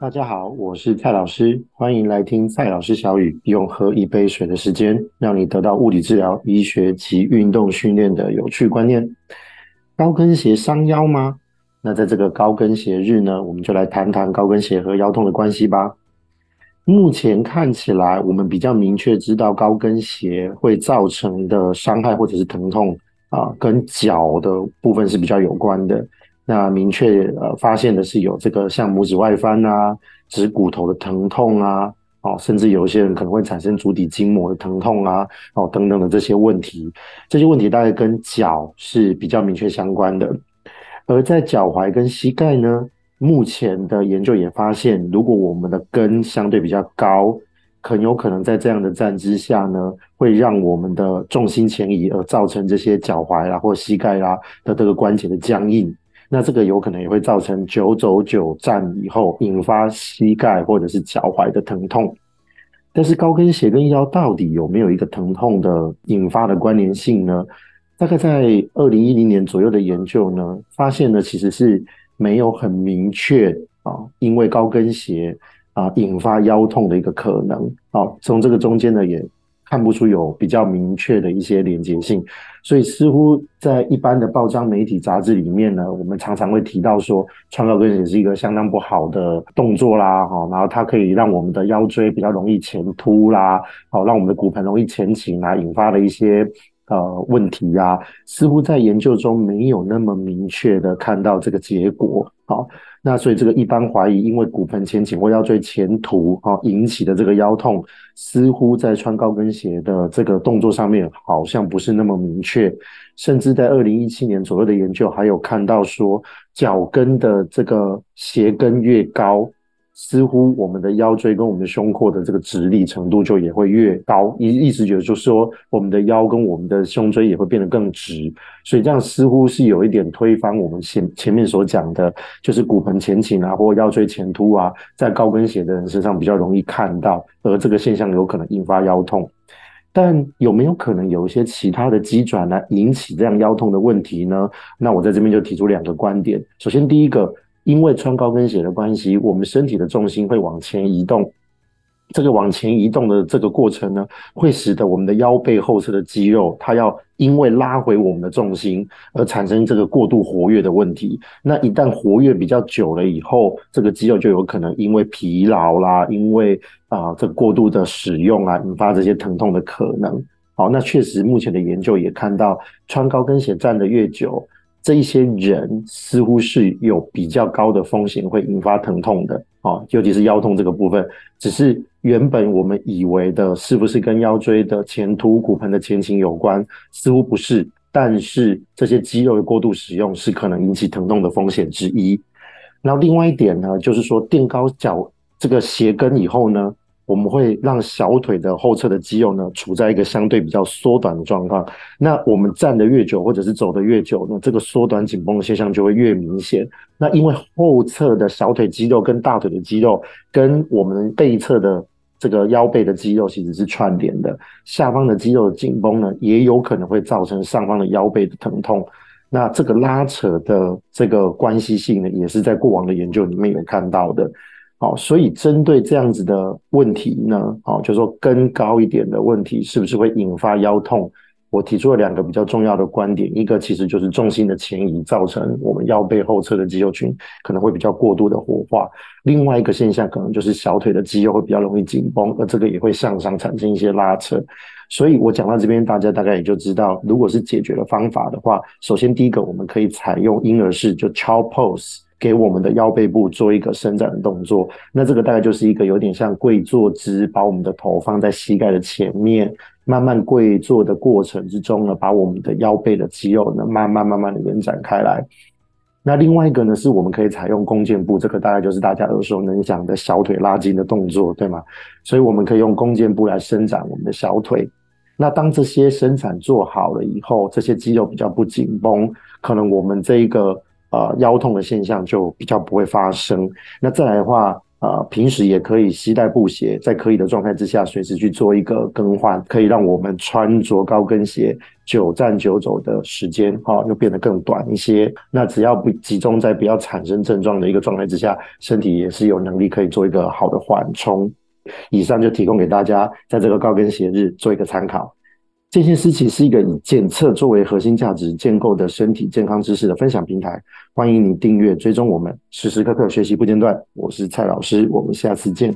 大家好，我是蔡老師，歡迎來聽蔡老師小語，用喝一杯水的時間，讓你得到物理治療、醫學及運動訓練的有趣觀念。高跟鞋傷腰嗎？那在這個高跟鞋日呢，我們就來談談高跟鞋和腰痛的關係吧。目前看起來，我們比較明確知道高跟鞋會造成的傷害或者是疼痛啊，呃，跟腳的部分是比較有關的。那明確呃發現的是有這個像拇指外翻啊、指骨頭的疼痛啊，哦，甚至有一些人可能會產生足底筋膜的疼痛啊，哦等等的這些問題，這些問題大概跟腳是比較明確相關的。而在腳踝跟膝蓋呢，目前的研究也發現，如果我們的跟相對比較高，很有可能在這樣的站姿下呢，會讓我們的重心前移，而造成這些腳踝啦或膝蓋啦的這個關節的僵硬。那這個有可能也會造成久走久站以後引發膝蓋或者是腳踝的疼痛，但是高跟鞋跟腰到底有沒有一個疼痛的引發的關聯性呢？大概在二零一零年左右的研究呢，發現呢其實是沒有很明確啊，因為高跟鞋啊引發腰痛的一個可能啊，從這個中間呢也。看不出有比較明確的一些連接性，所以似乎在一般的報章媒體雜誌裡面呢，我們常常會提到說，穿高跟鞋是一個相當不好的動作啦，哈，然後它可以讓我們的腰椎比較容易前凸啦，哦，讓我們的骨盆容易前傾啊，引發了一些。呃，問題啊，似乎在研究中沒有那麼明確的看到這個結果。好，啊，那所以這個一般懷疑，因為骨盆前傾或腰椎前凸啊引起的這個腰痛，似乎在穿高跟鞋的這個動作上面好像不是那麼明確。甚至在二零一七年左右的研究，還有看到說腳跟的這個鞋跟越高。似乎我們的腰椎跟我們的胸廓的這個直立程度就也會越高，一,一直覺得就是說，我們的腰跟我們的胸椎也會變得更直，所以這樣似乎是有一點推翻我們前前面所講的，就是骨盆前傾啊，或腰椎前凸啊，在高跟鞋的人身上比較容易看到，而這個現象有可能引發腰痛，但有沒有可能有一些其他的機轉來、啊、引起這樣腰痛的問題呢？那我在這邊就提出兩個觀點，首先第一個。因為穿高跟鞋的關係，我們身體的重心會往前移動。這個往前移動的這個過程呢，會使得我們的腰背後側的肌肉，它要因為拉回我們的重心而產生這個過度活躍的問題。那一旦活躍比較久了以後，這個肌肉就有可能因為疲勞啦，因為啊、呃、這過度的使用啊，引發這些疼痛的可能。好，那確實目前的研究也看到，穿高跟鞋站得越久。這一些人似乎是有比較高的風險會引發疼痛的啊，尤其是腰痛這個部分。只是原本我們以為的是不是跟腰椎的前凸、骨盆的前傾有關，似乎不是。但是這些肌肉的過度使用是可能引起疼痛的風險之一。然後另外一點呢，就是說墊高腳這個鞋跟以後呢，我們會讓小腿的後側的肌肉呢，處在一個相對比較縮短的狀況。那我們站得越久，或者是走得越久呢，那這個縮短緊繃的現象就會越明顯。那因為後側的小腿肌肉跟大腿的肌肉，跟我們背側的這個腰背的肌肉其實是串聯的。下方的肌肉的緊繃呢，也有可能會造成上方的腰背的疼痛。那這個拉扯的這個關係性呢，也是在過往的研究裡面有看到的。好，所以針對這樣子的問題呢，好，就是說跟高一點的問題是不是會引發腰痛？我提出了兩個比較重要的觀點，一個其實就是重心的前移，造成我們腰背後側的肌肉群可能會比較過度的活化，另外一個現象可能就是小腿的肌肉會比較容易緊繃，而這個也會向上產生一些拉扯。所以我講到這邊，大家大概也就知道，如果是解決的方法的話，首先第一個我們可以採用嬰兒式，就 child pose。給我們的腰背部做一個伸展的動作，那這個大概就是一個有點像跪坐姿，把我們的頭放在膝蓋的前面，慢慢跪坐的過程之中呢，把我們的腰背的肌肉呢，慢慢慢慢地延展開來。那另外一個呢，是我們可以採用弓箭步，這個大概就是大家耳熟能詳的小腿拉筋的動作，對嗎？所以我們可以用弓箭步來伸展我們的小腿。那當這些伸展做好了以後，這些肌肉比較不緊繃，可能我們這一個。啊、呃，腰痛的現象就比較不會發生。那再來的話，啊、呃，平時也可以攜帶布鞋，在可以的狀態之下，隨時去做一個更換，可以讓我們穿着高跟鞋久站久走的時間，哈、哦，又變得更短一些。那只要不集中在不要產生症狀的一個狀態之下，身體也是有能力可以做一個好的緩衝。以上就提供給大家在這個高跟鞋日做一個參考。健先思齊是一個以檢測作為核心價值建構的身體健康知識的分享平台，歡迎你訂閱、追蹤我們，時時刻刻學習不間斷。我是蔡老師，我們下次見。